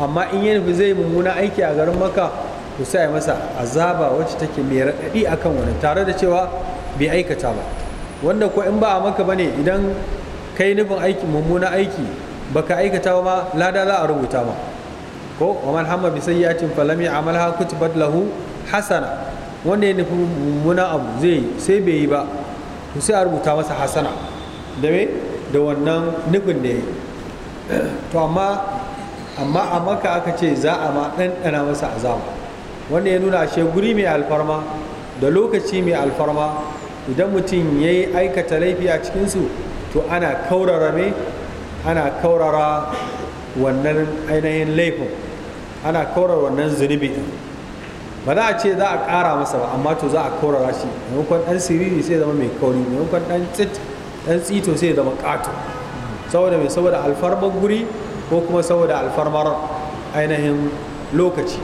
amma in ya nufi zai mummuna aiki a garin maka to sai masa azaba wacce take mai raɗaɗi akan wani tare da cewa bai aikata ba wanda ko in ba a maka bane idan kai nufin aiki mummuna aiki baka aikata ba lada za a rubuta ba ko wa man hamma bi sayyi'atin falam ya'malha kutibat lahu hasana wanda ya nufi mummuna abu zai sai bai yi ba to sai a rubuta masa hasana da da wannan nufin da yi to amma amma a maka aka ce za a ma ɗanɗana masa azaba wanda ya nuna ashe guri mai alfarma da lokaci mai alfarma idan mutum ya yi aikata laifi a cikinsu to ana kaurara me ana kaurara wannan ainihin laifin ana kaurara wannan zunubi ba za a ce za a ƙara masa ba amma to za a kaurara shi maimakon ɗan siriri sai zama mai kauri maimakon ɗan tsito sai zama ƙato saboda mai saboda alfarmar guri ko kuma saboda alfarmar ainihin lokaci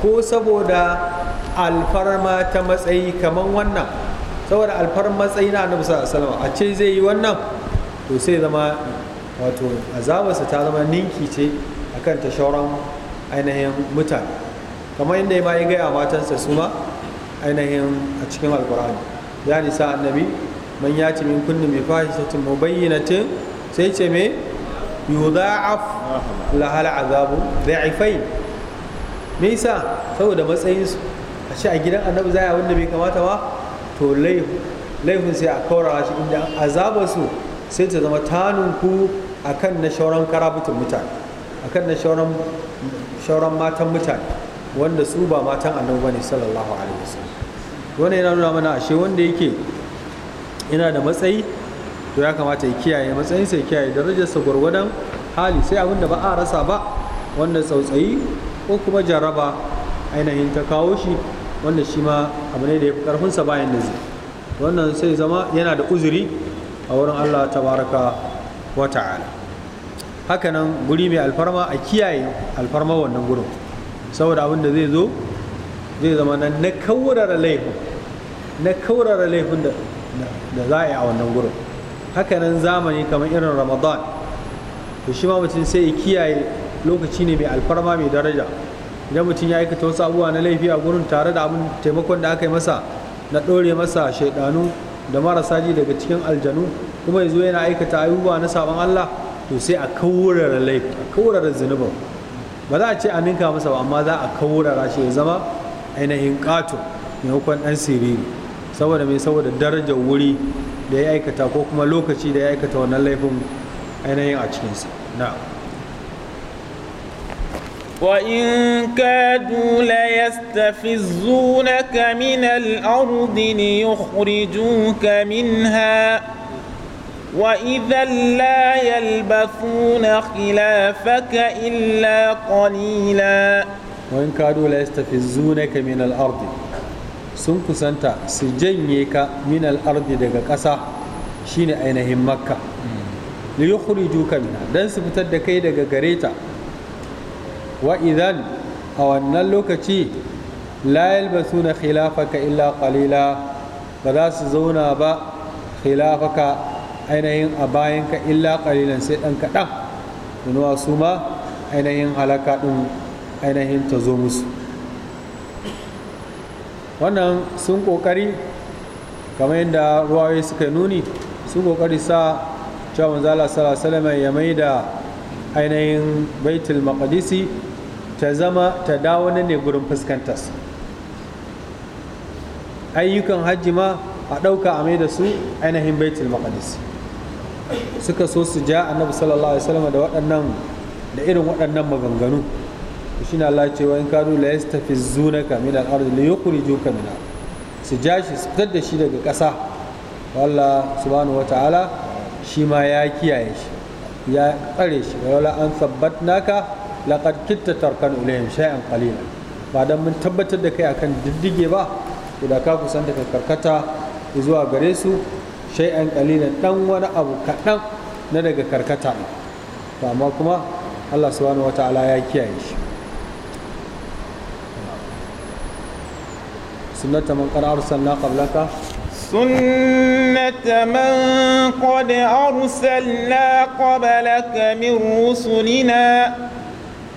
ko saboda alfarma ta matsayi kamar wannan saboda alfarma matsayi na annabi sallallahu a ce zai yi wannan to sai zama wato azabarsa ta zama ninki ce akan ta shauran ainihin mutane kamar inda ya ya gaya matansa su ma ainihin a cikin alkur'ani ya nisa annabi man ya ce min kunni mai fahimtattun mubayyinatin sai ce me yudha'af lahal azabu da'ifain me yasa saboda matsayin su a ce a gidan annabi zai wanda bai kamata ba to laifin sai a kaurawa shi inda azabar su sai ta zama ku akan na shauran karabutun mutane akan na shauran matan mutane wanda su ba matan annabi bane sallallahu alaihi wasallam wannan yana nuna mana ashe wanda yake yana da matsayi to ya kamata ya kiyaye matsayinsa ya kiyaye darajarsa gwargwadon hali sai abin da ba a rasa ba wanda tsautsayi ko kuma jaraba ainihin ta kawo shi wanda shi ma abu ne da ya fi bayan da zai wannan sai zama yana da uzuri a wurin allah tabaraka wa ta'ala nan guri mai alfarma a kiyaye alfarma wannan gurin saboda abin da zai zo zai zama na kaurara laifin na kaurara laifin da za a yi a wannan gurin hakanan zamani kamar irin ramadan to shi ma mutum sai ya kiyaye lokaci ne mai alfarma mai daraja idan mutum ya aikata wasu abubuwa na laifi a gurin tare da abin taimakon da aka yi masa na ɗore masa shaidanu da marasa ji daga cikin aljanu kuma ya zo yana aikata abubuwa na sabon allah to sai a kawurara laifi a kawurara zunubin ba za a ce a ninka masa ba amma za a kawurara shi ya zama ainihin ƙato maimakon ɗan siriri saboda mai saboda darajar wuri da ya aikata ko kuma lokaci da ya aikata wannan laifin ainihin a cikinsa na'am وإن كادوا ليستفزونك من الأرض ليخرجوك منها وإذا لا يلبثون خلافك إلا قليلا وإن كادوا ليستفزونك من الأرض sun kusanta su janye ka min al'ardi daga ƙasa shine ainihin makka hmm. li yukhriju ka minha dan su fitar da kai daga gare ta wa idan a wannan lokaci la yalbasuna khilafaka illa qalila ba za su zauna ba khilafaka ainihin a bayanka illa qalilan sai dan kaɗan domin su ma ainihin halaka ɗin ainihin ta zo musu wannan sun kokari kamar yadda ruwaye suka nuni sun kokari sa cewa manzo Allah sallallahu alaihi wasallam ya da ainihin baitul maqdisi ta zama ta dawo ne gurin fuskantar ayyukan hajji ma a ɗauka a mai da su ainihin baitul maqdis suka so su ja annabi sallallahu alaihi wasallam da waɗannan da irin waɗannan maganganu shi na Allah cewa in kanu la yastafizunaka min al-ardi la yukhrijuka su jashi su fitar da shi daga ƙasa Allah subhanahu wataala shi ma ya kiyaye shi ya tsare shi wala an sabbatnaka laqad kitta tarkan ilayhim shay'an qalila ba dan mun tabbatar da kai akan diddige ba to da ka kusanta ka karkata zuwa gare su shay'an qalilan dan wani abu kaɗan na daga karkata to amma kuma Allah subhanahu wataala ya kiyaye shi sunnata man qad arsalna qablaka سنة من قد أرسلنا قبلك من رسلنا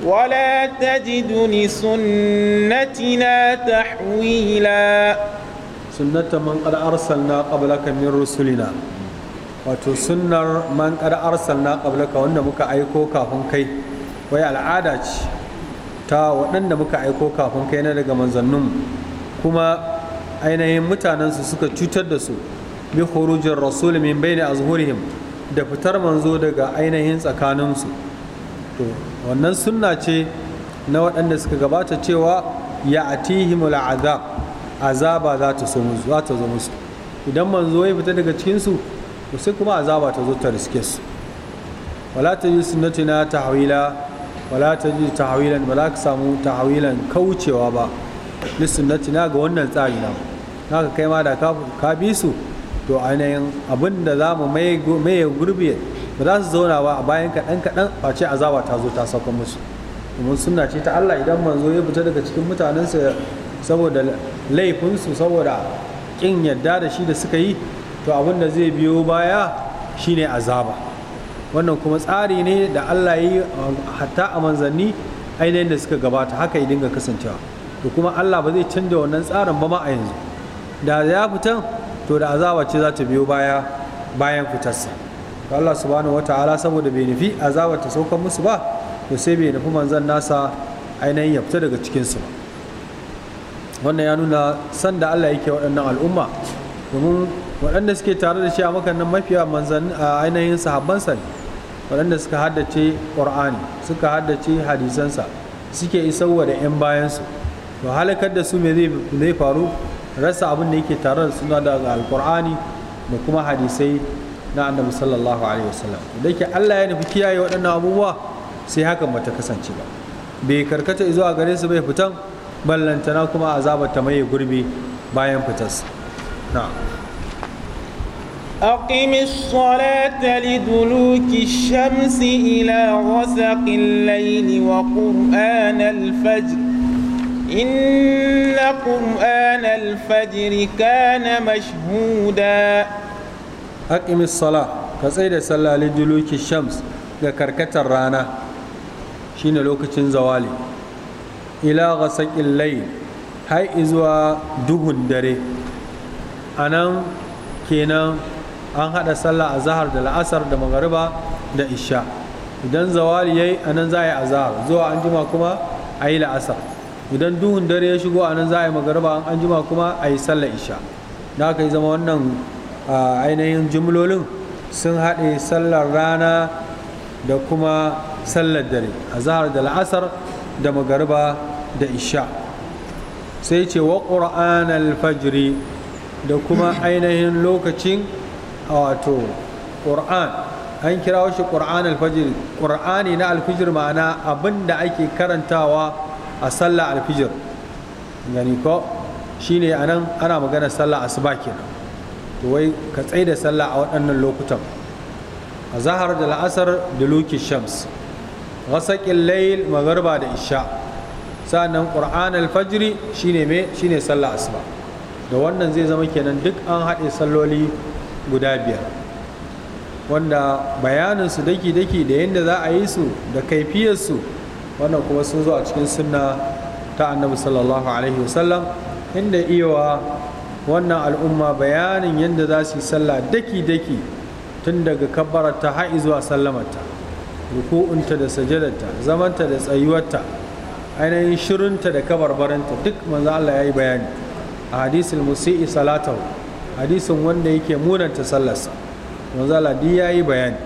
ولا تجد لسنتنا تحويلا سنة من قد أرسلنا قبلك من رسلنا wato sunnar man kada arsalna qablaka wanda muka aiko kafin kai wai al'ada ce ta waɗanda muka aiko kafin kai na daga manzanninmu kuma ainihin mutanensu suka cutar da su bi khurujin rasul min bayni azhurihim da fitar manzo daga ainihin tsakaninsu to wannan sunna ce na waɗanda suka gabata cewa ya atihim al'azab azaba za ta zo musu idan manzo ya fita daga cikinsu to sai kuma azaba ta zo ta riske su wala ta ji sunnatuna tahwila wala ta yi tahwilan ba ka samu tahwilan kaucewa ba na ga wannan tsari na haka kai ma da ka bi su to ainihin abin da za mu maye gurbi ba za su zauna ba a bayan kaɗan kaɗan ba ce azaba ta zo ta sauka musu domin suna ce ta Allah idan manzo ya fita daga cikin mutanensa saboda laifinsu saboda ƙin yadda da shi da suka yi to abin da zai biyo baya shine azaba wannan kuma tsari ne da Allah ya yi hatta a manzanni ainihin da suka gabata haka ya dinga kasancewa to kuma Allah ba zai canja wannan tsarin ba ma a yanzu da ya fitan to da azaba ce za ta biyo baya bayan fitarsa to Allah subhanahu wata'ala saboda bai nufi azaba ta sauka musu ba to sai bai nufi manzon nasa ainihin ya fita daga cikin su wannan ya nuna san da Allah yake waɗannan al'umma domin waɗanda suke tare da shi a makannin mafiya manzan ainihin sahabbansa ne waɗanda suka haddace ƙur'ani suka haddace hadisansa suke isarwa da 'yan bayansu to halakar da su me zai faru rasa abin da yake tare da suna daga alkur'ani da kuma hadisai na annabi sallallahu alaihi wasallam da yake Allah ya nufi kiyaye waɗannan abubuwa sai hakan bata kasance ba bai karkata zuwa gare su bai fitan ballantana kuma azabar ta maye gurbi bayan fitarsa na'am أقم الصلاة لدلوك الشمس إلى غسق الليل وقرآن الفجر إن قرآن الفجر كان مشهودا أقم الصلاة كسيدة صلى لدلوك الشمس كركة الرانا شين لوك زوالي إلى غسق الليل هاي إزوا دهن دري أنا kenan an haɗa sallah a zahar da la'asar da magariba da isha idan zawali yayi anan za a yi azahar zuwa anjima kuma a yi la'asar idan duhun dare ya shigo a nan za a yi magarba an jima kuma a yi sallar isha na ka yi zama wannan ainihin jimlolin sun haɗe sallar rana da kuma sallar dare a zahar da la'asar da magarba da isha sai ce wa ƙura'an alfajiri da kuma ainihin lokacin wato ƙura'an an kira shi ƙura'an alfajiri ƙura'ani na alfijir ma'ana abin da ake karantawa a sallah alfijir gani ko a nan ana magana sallah asuba kenan to wai ka tsaye da sallah a waɗannan lokutan a zahar da la'asar da luki shams wasaƙin layil magarba da isha sa'annan ƙur'an alfajiri shine shi ne sallah asuba da wannan zai zama kenan duk an haɗe salloli guda biyar wanda su daki-daki da yadda za a yi su da kaifiyarsu wannan kuma sun zo a cikin sunna ta annabi sallallahu alaihi wasallam inda iyawa wannan al'umma bayanin yadda za su yi sallah daki-daki tun daga kabbararta har zuwa sallamarta ruku'unta da sajadarta zamanta da tsayuwarta ainihin shirinta da kabarbarinta duk manzo Allah ya yi bayani a hadisul musi'i salatahu hadisin wanda yake munanta sallarsa manzo Allah duk ya yi bayani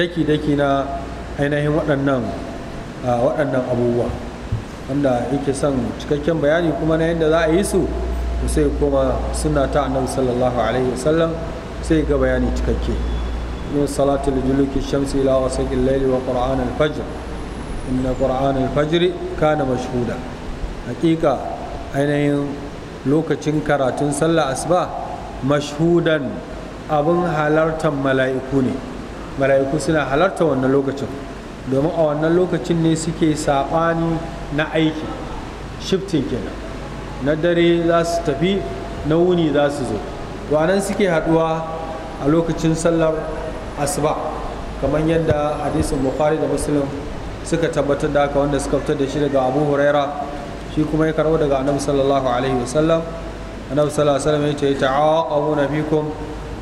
daki-daki na ainihin waɗannan a waɗannan abubuwa wanda yake son cikakken bayani kuma na yadda za a yi su sai kuma suna ta annabi sallallahu alaihi wasallam sai ga bayani cikakke yin salatul juluki shamsi ila al layli wa qur'an al-fajr inna qur'an al-fajr kana mashhuda haqiqa ainihin lokacin karatun sallah asuba mashhudan abin halartar mala'iku ne mala'iku suna halarta wannan lokacin domin a wannan lokacin ne suke saɓani na aiki shifting kenan na dare za su tafi na wuni za su zo wannan suke haɗuwa a lokacin sallar asuba kamar yadda hadisin bukhari da muslim suka tabbatar da haka wanda suka fitar da shi daga abu huraira shi kuma ya karɓo daga annabi sallallahu alaihi wasallam annabi sallallahu alaihi wasallam ya ce ta'awuna fikum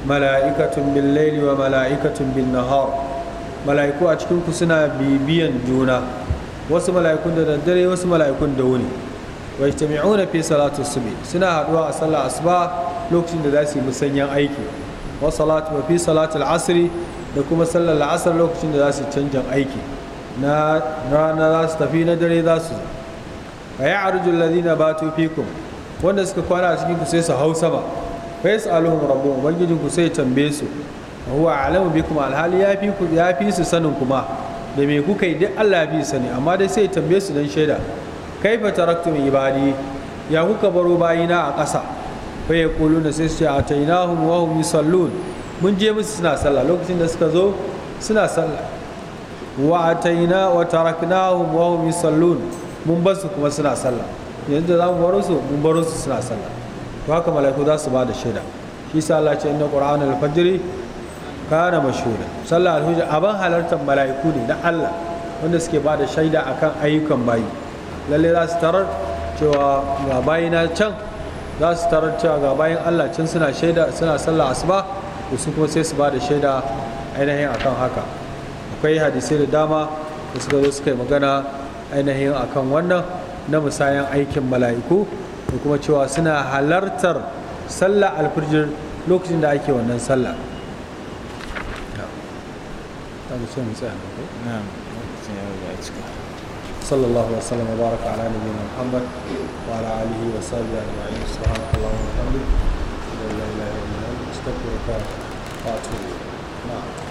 mala'ikatun bil laili wa mala'ikatun bin nahar mala'iku a cikinku suna bibiyan juna wasu mala'ikun da daddare wasu mala'ikun da wuni wa ijtami'una fi salatu subhi suna haduwa a sallar asuba lokacin da za su yi musanyan aiki wa salatu fi salatul asri da kuma sallar la'asar lokacin da za su canjan aiki na rana za su tafi na dare za su fa ya'ruju alladhina batu fikum wanda suka kwana a cikin ku sai su hausa ba fa yas'aluhum rabbuhum ubangijin ku sai tambaye su huwa alamu bikum alhali ya fi ku ya fi su sanin kuma da me kuka yi duk Allah fi sani amma dai sai tambaye su dan shaida kaifa taraktum ibadi ya kuka baro bayina a ƙasa fa yaquluna sai su ce atainahum wa hum yusallun mun je musu suna sallah lokacin da suka zo suna sallah wa ataina wa taraknahum wa hum yusallun mun bar kuma suna sallah yanzu za mu baro su mun baro su suna sallah to haka malaiku za su ba da shaida shi sa Allah ce inna qur'anal fajri kana mashuda sallah alhujja abin halartar mala'iku ne na Allah wanda suke bada da shaida akan ayyukan bayi lalle za su tarar cewa ga bayi na can za su tarar cewa ga bayin Allah can suna shaida suna sallar asuba to su kuma sai su bada shaida ainihin akan haka akwai hadisai da dama da suka zo suka yi magana ainihin akan wannan na musayan aikin mala'iku da kuma cewa suna halartar sallah alfijir lokacin da ake wannan sallah هذا شيء سهل نعم صلى الله وسلم وبارك على نبينا محمد وعلى اله وصحبه اجمعين سبحانك اللهم وبحمدك لا اله الا انت استغفرك واتوب اليك نعم